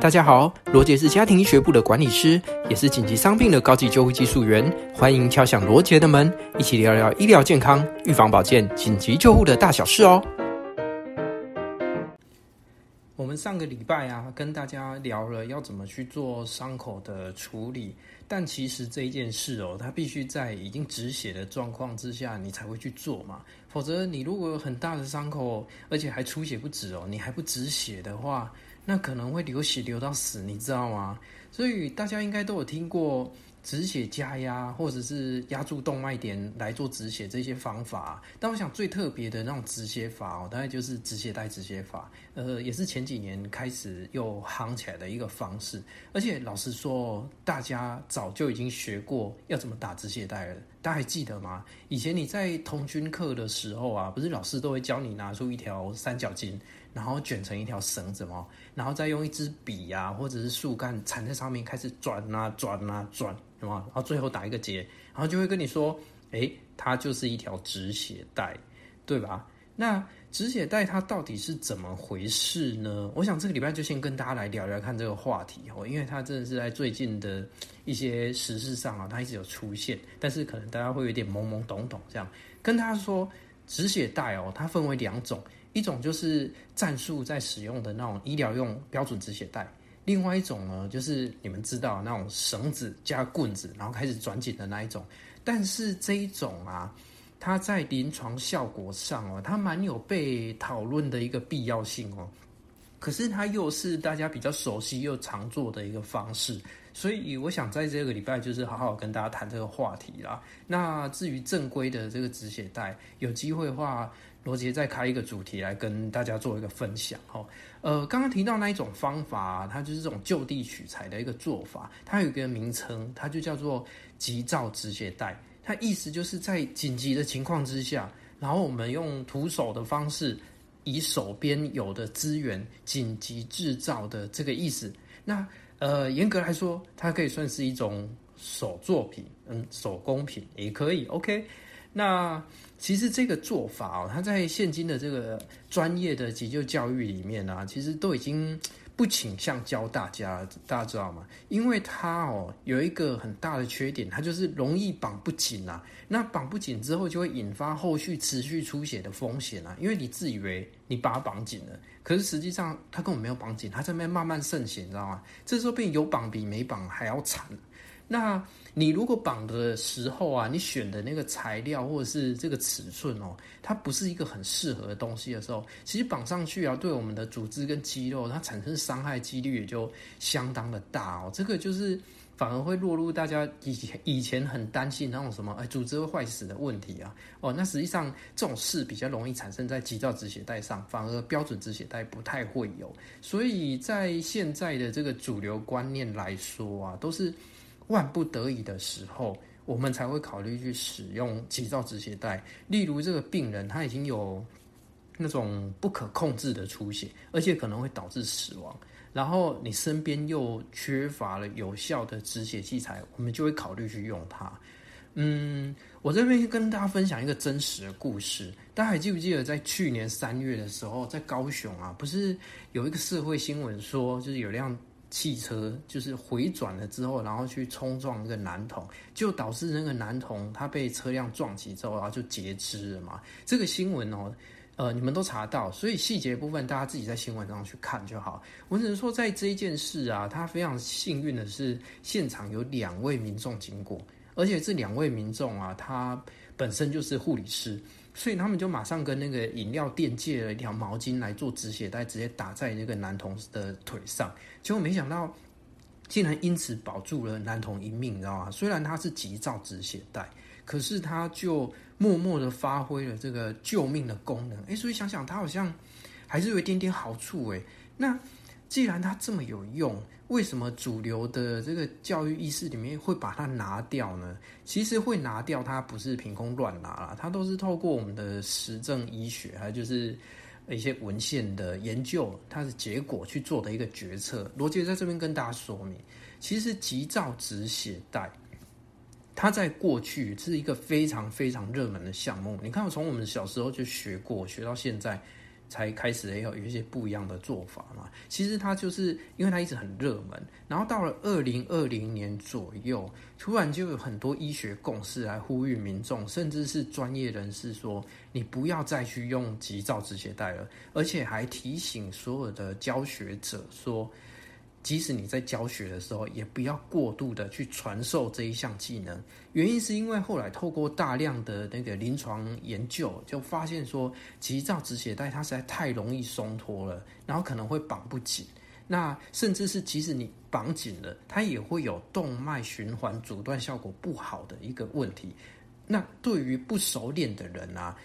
大家好，羅傑是家庭醫學部的管理師，也是緊急傷病的高級救護技術員。歡迎敲響羅傑的門，一起聊聊醫療健康、預防保健、緊急救護的大小事哦。我們上個禮拜啊，跟大家聊了要怎麼去做傷口的處理，但其實這一件事哦，它必須在已經止血的狀況之下，你才會去做嘛。否則，你如果有很大的傷口，而且還出血不止哦，你還不止血的話。那可能會流血流到死，你知道嗎？所以大家應該都有聽過止血加壓，或者是壓住動脈點來做止血這些方法。但我想最特別的那種止血法哦，當然就是止血帶止血法。呃，也是前幾年開始又夯起來的一個方式。而且老實說，大家早就已經學過要怎麼打止血帶了。大家還記得嗎？以前你在童軍課的時候啊，不是老師都會教你拿出一條三角巾，然後捲成一條繩子嗎？然後再用一支筆啊，或者是樹幹纏在上面，開始轉啊轉啊轉，是嗎？然後最後打一個結，然後就會跟你說，誒、欸，它就是一條止血帶，對吧？那止血帶它到底是怎麼回事呢？我想這個禮拜就先跟大家來聊聊看這個話題哦，因為它真的是在最近的一些時事上啊，它一直有出現，但是可能大家會有點懵懵懂懂。這樣跟他說，止血帶哦，它分為兩種，一種就是戰術在使用的那種醫療用標準止血帶，另外一種呢，就是你們知道那種繩子加棍子，然後開始轉緊的那一種，但是這一種啊。它在臨床效果上哦、啊，它蠻有被討論的一個必要性哦、喔，可是它又是大家比較熟悉，又常做的一個方式，所以我想在這個禮拜就是好好跟大家談這個話題啦。那至於正規的這個止血帶，有機會的話，羅傑再開一個主題來跟大家做一個分享哈、喔。呃，剛剛提到那一種方法、啊，它就是這種就地取材的一個做法，它有一個名稱，它就叫做急造止血帶。它意思就是在緊急的情況之下，然後我們用徒手的方式，以手邊有的資源緊急制造的這個意思。那呃，嚴格來說，它可以算是一種手作品，嗯，手工品也可以。OK，那其實這個做法哦，它在現今的這個專業的急救教育裡面啊，其實都已經。不傾向教大家，大家知道嗎？因為它哦有一個很大的缺點，它就是容易綁不緊啊。那綁不緊之後，就會引發後續持續出血的風險啊。因為你自以為你把它綁緊了，可是實際上它根本沒有綁緊，它在那邊慢慢滲血，你知道嗎？這時候變有綁比沒綁還要慘。那你如果綁的時候啊，你選的那個材料或者是這個尺寸哦，它不是一個很適合的東西的時候，其實綁上去啊，對我們的組織跟肌肉，它產生傷害幾率也就相當的大哦。這個就是反而會落入大家以以前很擔心那種什麼，哎，組織會壞死的問題啊。哦，那實際上這種事比較容易產生在急造止血帶上，反而標準止血帶不太會有。所以在現在的這個主流觀念來說啊，都是。萬不得已的時候，我們才會考慮去使用急造止血帶。例如，這個病人他已經有那種不可控制的出血，而且可能會導致死亡。然後你身邊又缺乏了有效的止血器材，我們就會考慮去用它。嗯，我這邊跟大家分享一個真實的故事。大家還記不記得，在去年三月的時候，在高雄啊，不是有一個社會新聞說，就是有輛。汽車就是迴轉了之後，然後去衝撞那個男童，就導致那個男童他被車輛撞擊之後，然後就截肢了嘛。這個新聞哦，呃，你們都查到，所以細節的部分大家自己在新聞上去看就好。我只能說，在這一件事啊，他非常幸運的是，現場有兩位民眾經過，而且這兩位民眾啊，他本身就是護理師。所以他們就馬上跟那個飲料店借了一條毛巾來做止血帶，直接打在那個男童的腿上。結果沒想到，竟然因此保住了男童一命，你知道嗎？雖然他是急造止血帶，可是他就默默的發揮了這個救命的功能。哎、欸，所以想想他好像還是有一點點好處，哎、欸。那。既然它這麼有用，為什麼主流的這個教育意識裡面會把它拿掉呢？其實會拿掉它不是憑空亂拿啦，它都是透過我們的實證醫學，還有就是一些文獻的研究，它的結果去做的一個決策。羅傑在這邊跟大家說明，其實急造止血帶，它在過去是一個非常非常熱門的項目。你看，從我們小時候就學過，學到現在。才開始也有有一些不一樣的做法嘛，其實它就是因為它一直很熱門，然後到了二零二零年左右，突然就有很多醫學共識來呼籲民眾，甚至是專業人士說，你不要再去用急造止血帶了，而且還提醒所有的教學者說，即使你在教學的時候，也不要過度的去傳授這一項技能。原因是因為後來透過大量的那個臨床研究，就發現說，急造止血帶它實在太容易鬆脫了，然後可能會綁不緊。那甚至是即使你綁緊了，它也會有動脈循環阻斷效果不好的一個問題。那對於不熟練的人啊，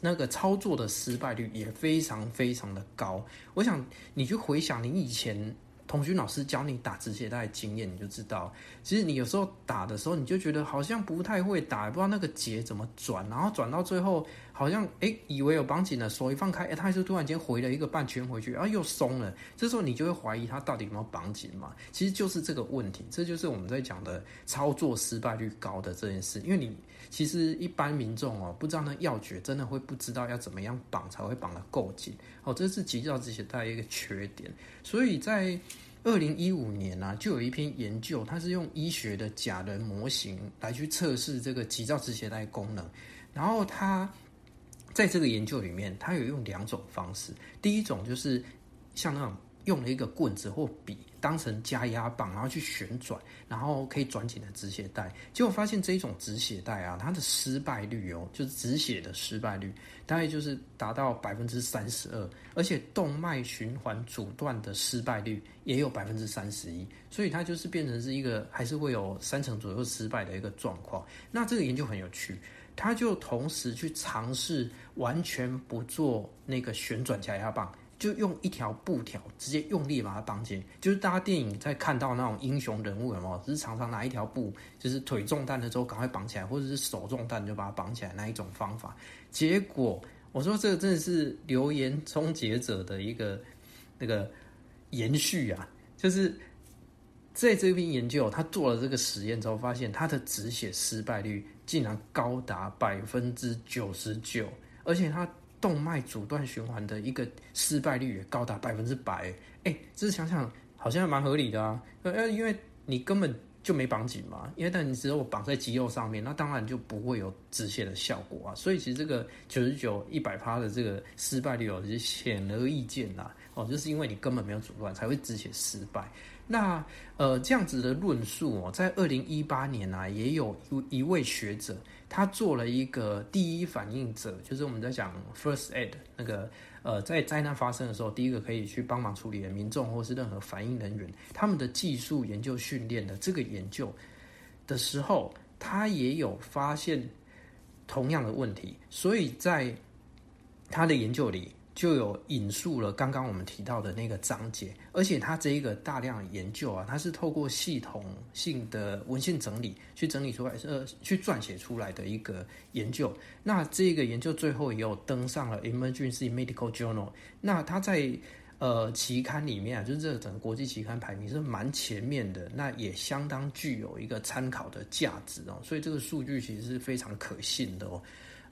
那個操作的失敗率也非常非常的高。我想你就回想你以前。紅軍老師教你打直鞋帶的經驗，你就知道，其實你有時候打的時候，你就覺得好像不太會打，不知道那個結怎麼轉，然後轉到最後，好像哎、欸，以為有綁緊了，手一放開，哎，他就突然間回了一個半圈回去，然後又鬆了。這時候你就會懷疑他到底有沒有綁緊嘛？其實就是這個問題，這就是我們在講的操作失敗率高的這件事，因為你。其實一般民眾哦、喔，不知道那要訣，真的會不知道要怎麼樣綁才會綁得夠緊哦。這是急造止血帶一個缺點，所以在二零一五年呢、啊，就有一篇研究，它是用醫學的假人模型來去測試這個急造止血帶功能。然後它在這個研究裡面，它有用兩種方式，第一種就是像那種用了一個棍子或筆。當成加壓棒，然後去旋轉，然後可以轉緊的止血帶，結果發現這一種止血帶啊，它的失敗率哦，就是止血的失敗率，大概就是達到百分之三十二，而且動脈循環阻斷的失敗率也有百分之三十一，所以它就是變成是一個還是會有三成左右失敗的一個狀況。那這個研究很有趣，他就同時去嘗試完全不做那個旋轉加壓棒。就用一條布條直接用力把它綁緊，就是大家電影在看到那種英雄人物什麼，只是常常拿一條布，就是腿中彈的時候趕快綁起來，或者是手中彈就把它綁起來那一種方法。結果我說這個真的是流言終結者的一個那個延續啊！就是在這篇研究，他做了這個實驗之後，發現他的止血失敗率竟然高達百分之九十九，而且他。動脈阻斷循環的一個失敗率也高達百分之百，哎、欸欸，這是想想好像還蠻合理的啊，呃、欸，因為你根本就沒綁緊嘛，因為但你只有綁在肌肉上面，那當然就不會有止血的效果啊，所以其實這個九十九一百趴的這個失敗率，喔就是顯而易見啦哦、喔，就是因為你根本沒有阻斷，才會止血失敗。那呃這樣子的論述哦，喔，在二零一八年啊，也有有一位學者。他做了一個第一反應者，就是我們在講 first aid 那個呃，在災難發生的時候，第一個可以去幫忙處理的民眾或是任何反應人員，他們的技術研究訓練的這個研究的時候，他也有發現同樣的問題，所以在他的研究裡。就有引述了剛剛我們提到的那個章節，而且它這一個大量的研究啊，它是透過系統性的文獻整理去整理出來，呃，去撰寫出來的一個研究。那這個研究最後也有登上了《Emergency Medical Journal》，那它在呃期刊裡面啊，就是這個整個國際期刊排名是蠻前面的，那也相當具有一個參考的價值哦。所以這個數據其實是非常可信的哦。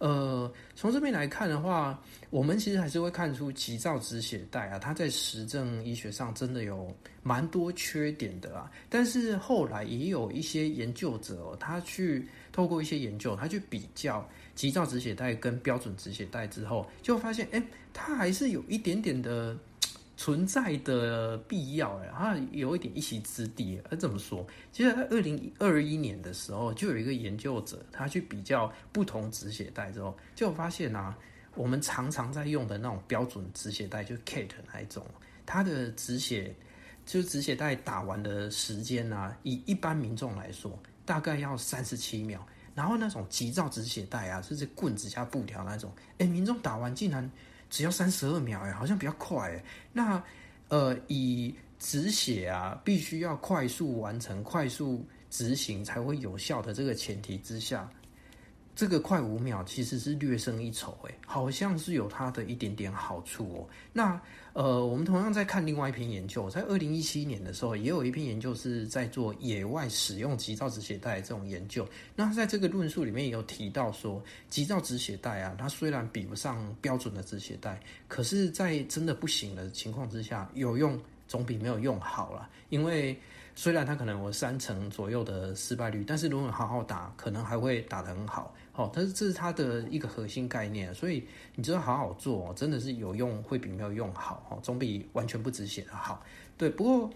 呃，從這邊來看的話，我們其實還是會看出急造止血帶啊，它在實證醫學上真的有蠻多缺點的啊。但是後來也有一些研究者、喔，他去透過一些研究，他去比較急造止血帶跟標準止血帶之後，就發現，哎、欸，它還是有一點點的。存在的必要、欸，好像有一點一席之地、欸。它、啊、怎麼說？其實二零二一年的時候，就有一個研究者，他去比較不同止血帶之後，就發現啊，我們常常在用的那種標準止血帶，就 CAT 那一種，它的止血，就止血帶打完的時間啊，以一般民眾來說，大概要三十七秒。然後那種急造止血帶啊，就是棍子加布條那種，哎、欸，民眾打完竟然。只要三十二秒、欸、好像比較快、欸、那，呃，以止血啊，必須要快速完成、快速執行才會有效的這個前提之下，這個快五秒其實是略勝一籌哎、欸，好像是有它的一點點好處哦、喔。那。呃，我們同樣在看另外一篇研究，在二零一七年的時候，也有一篇研究是在做野外使用急造止血帶這種研究。那在這個論述裡面，也有提到說，急造止血帶啊，它雖然比不上標準的止血帶，可是，在真的不行的情況之下，有用總比沒有用好啦，因為。雖然它可能有三成左右的失敗率，但是如果好好打，可能還會打得很好。好，但是這是它的一個核心概念，所以你只要好好做，真的是有用會比沒有用好，總比完全不止血的好。對，不過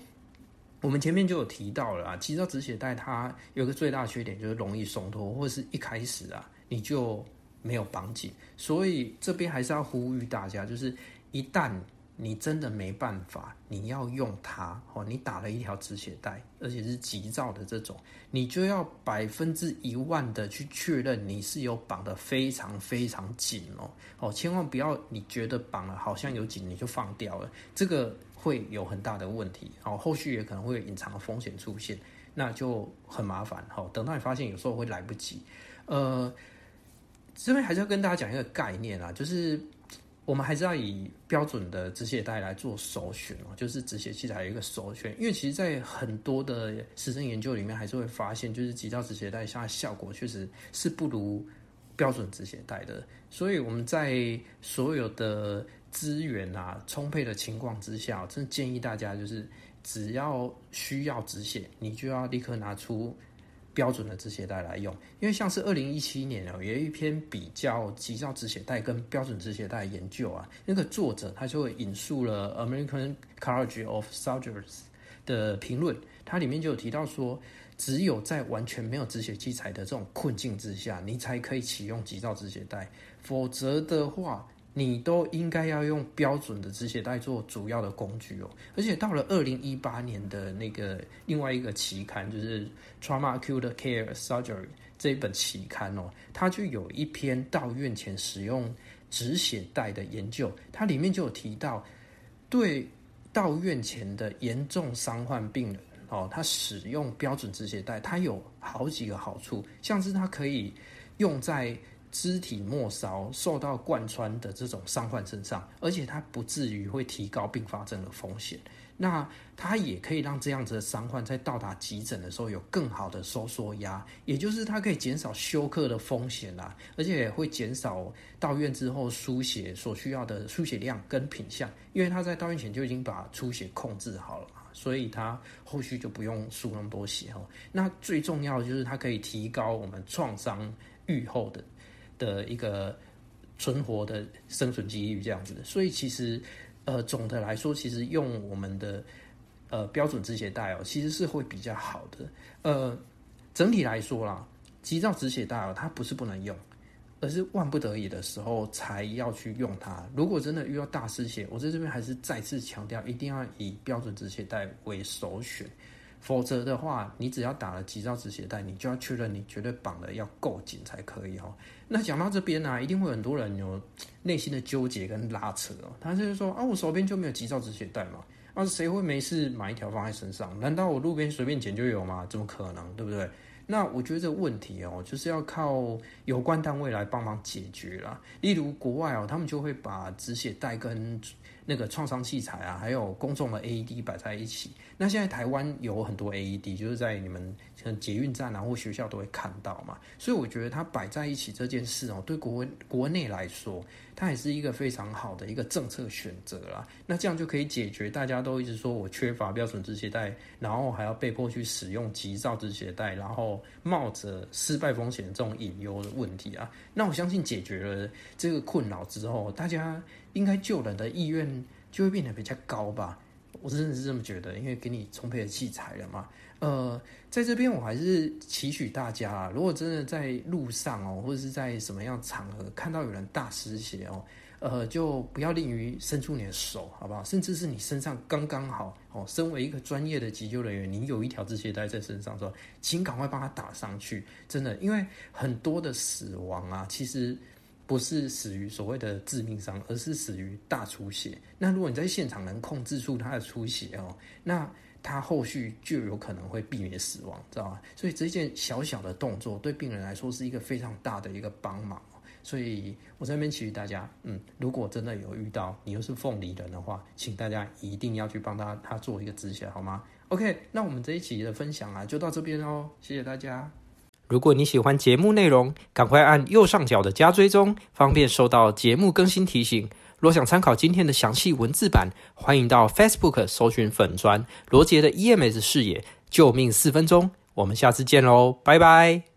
我們前面就有提到了啊，其實止血帶它有一個最大缺點就是容易鬆脫，或者是一開始啊你就沒有綁緊，所以這邊還是要呼籲大家，就是一旦。你真的沒辦法，你要用它哦。你打了一條止血帶，而且是急造的這種，你就要百分之一萬的去確認你是有綁得非常非常緊哦，喔，千萬不要你覺得綁了好像有緊你就放掉了，這個會有很大的問題。好，後續也可能會有隱藏的風險出現，那就很麻煩，等到你發現，有時候會來不及。呃，這邊還是要跟大家講一個概念啊，就是。我們還是要以標準的止血帶來做首選哦，就是止血器材的一個首選，因為其實，在很多的實證研究裡面，還是會發現，就是急造止血帶，下，效果確實是不如標準止血帶的。所以我們在所有的資源啊充沛的情況之下，我真的建議大家，就是只要需要止血，你就要立刻拿出。標準的止血帶來用，因為像是二零一七年有一篇比較急造止血帶跟標準止血帶的研究啊，那個作者他就會引述了 American College of Surgeons 的評論，它裡面就有提到說，只有在完全沒有止血器材的這種困境之下，你才可以啟用急造止血帶，否則的話。你都應該要用標準的止血帶做主要的工具哦，而且到了二零一八年的那個另外一個期刊，就是《Trauma Acute Care Surgery》這一本期刊哦，它，就有一篇到院前使用止血帶的研究，它裡面就有提到，對到院前的嚴重傷患病人哦，他使用標準止血帶，它有好幾個好處，像是它可以用在。肢體末梢受到貫穿的這種傷患身上，而且它不至於會提高併發症的風險。那它也可以讓這樣子的傷患在到達急診的時候有更好的收縮壓，也就是它可以減少休克的風險啦、啊，而且也會減少到院之後輸血所需要的輸血量跟品項，因為他在到院前就已經把出血控制好了所以他後續就不用輸那麼多血哦、喔。那最重要的就是它可以提高我們創傷預後的。的、呃、一個存活的生存機遇這樣子的，所以其實呃總的來說，其實用我們的呃標準止血帶哦，其實是會比較好的。呃，整體來說啦，急造止血帶哦，它不是不能用，而是萬不得已的時候才要去用它。如果真的遇到大失血，我在這邊還是再次強調，一定要以標準止血帶為首選。否則的話，你只要打了急造止血帶，你就要確認你絕對綁得要夠緊才可以哦、喔。那講到這邊呢、啊，一定會有很多人有內心的糾結跟拉扯哦、喔。他就是說啊，我手邊就沒有急造止血帶嘛？啊，誰會沒事買一條放在身上？難道我路邊隨便撿就有嗎？怎麼可能，對不對？那我覺得這個問題哦、喔，就是要靠有關單位來幫忙解決啦。例如國外哦、喔，他們就會把止血帶跟那個創傷器材啊，還有公眾的 AED 擺在一起。那現在台灣有很多 AED，就是在你們像捷運站啊，或學校都會看到嘛，所以我覺得它擺在一起這件事哦、喔，對國國內來說，它也是一個非常好的一個政策選擇啦。那這樣就可以解決大家都一直說我缺乏標準止血帶，然後還要被迫去使用急造止血帶，然後冒着失敗風險的這種隱憂的問題啊。那我相信解決了這個困擾之後，大家應該救人的意願就會變得比較高吧。我真的是這麼覺得，因為給你充沛的器材了嘛。呃，在這邊我還是期許大家、啊，如果真的在路上哦、喔，或者是在什麼樣場合看到有人大失血哦、喔，呃，就不要吝於伸出你的手，好不好？甚至是你身上剛剛好哦、喔，身為一個專業的急救人員，你有一條止血帶在身上的時候，請趕快幫他打上去。真的，因為很多的死亡啊，其實。不是死於所謂的致命傷，而是死於大出血。那如果你在現場能控制住他的出血哦，那他後續就有可能會避免死亡，知道嗎？所以這件小小的動作對病人來說是一個非常大的一個幫忙。所以我在這邊提醒大家，嗯，如果真的有遇到你又是鳳梨人的話，請大家一定要去幫他他做一個止血，好嗎？OK，那我們這一期的分享啊，就到這邊哦，謝謝大家。如果你喜歡節目內容，趕快按右上角的加追蹤，方便收到節目更新提醒。若想參考今天的詳細文字版，歡迎到 Facebook 搜尋粉專羅傑的 EMS 視野救命四分鐘。我們下次見嘍，拜拜。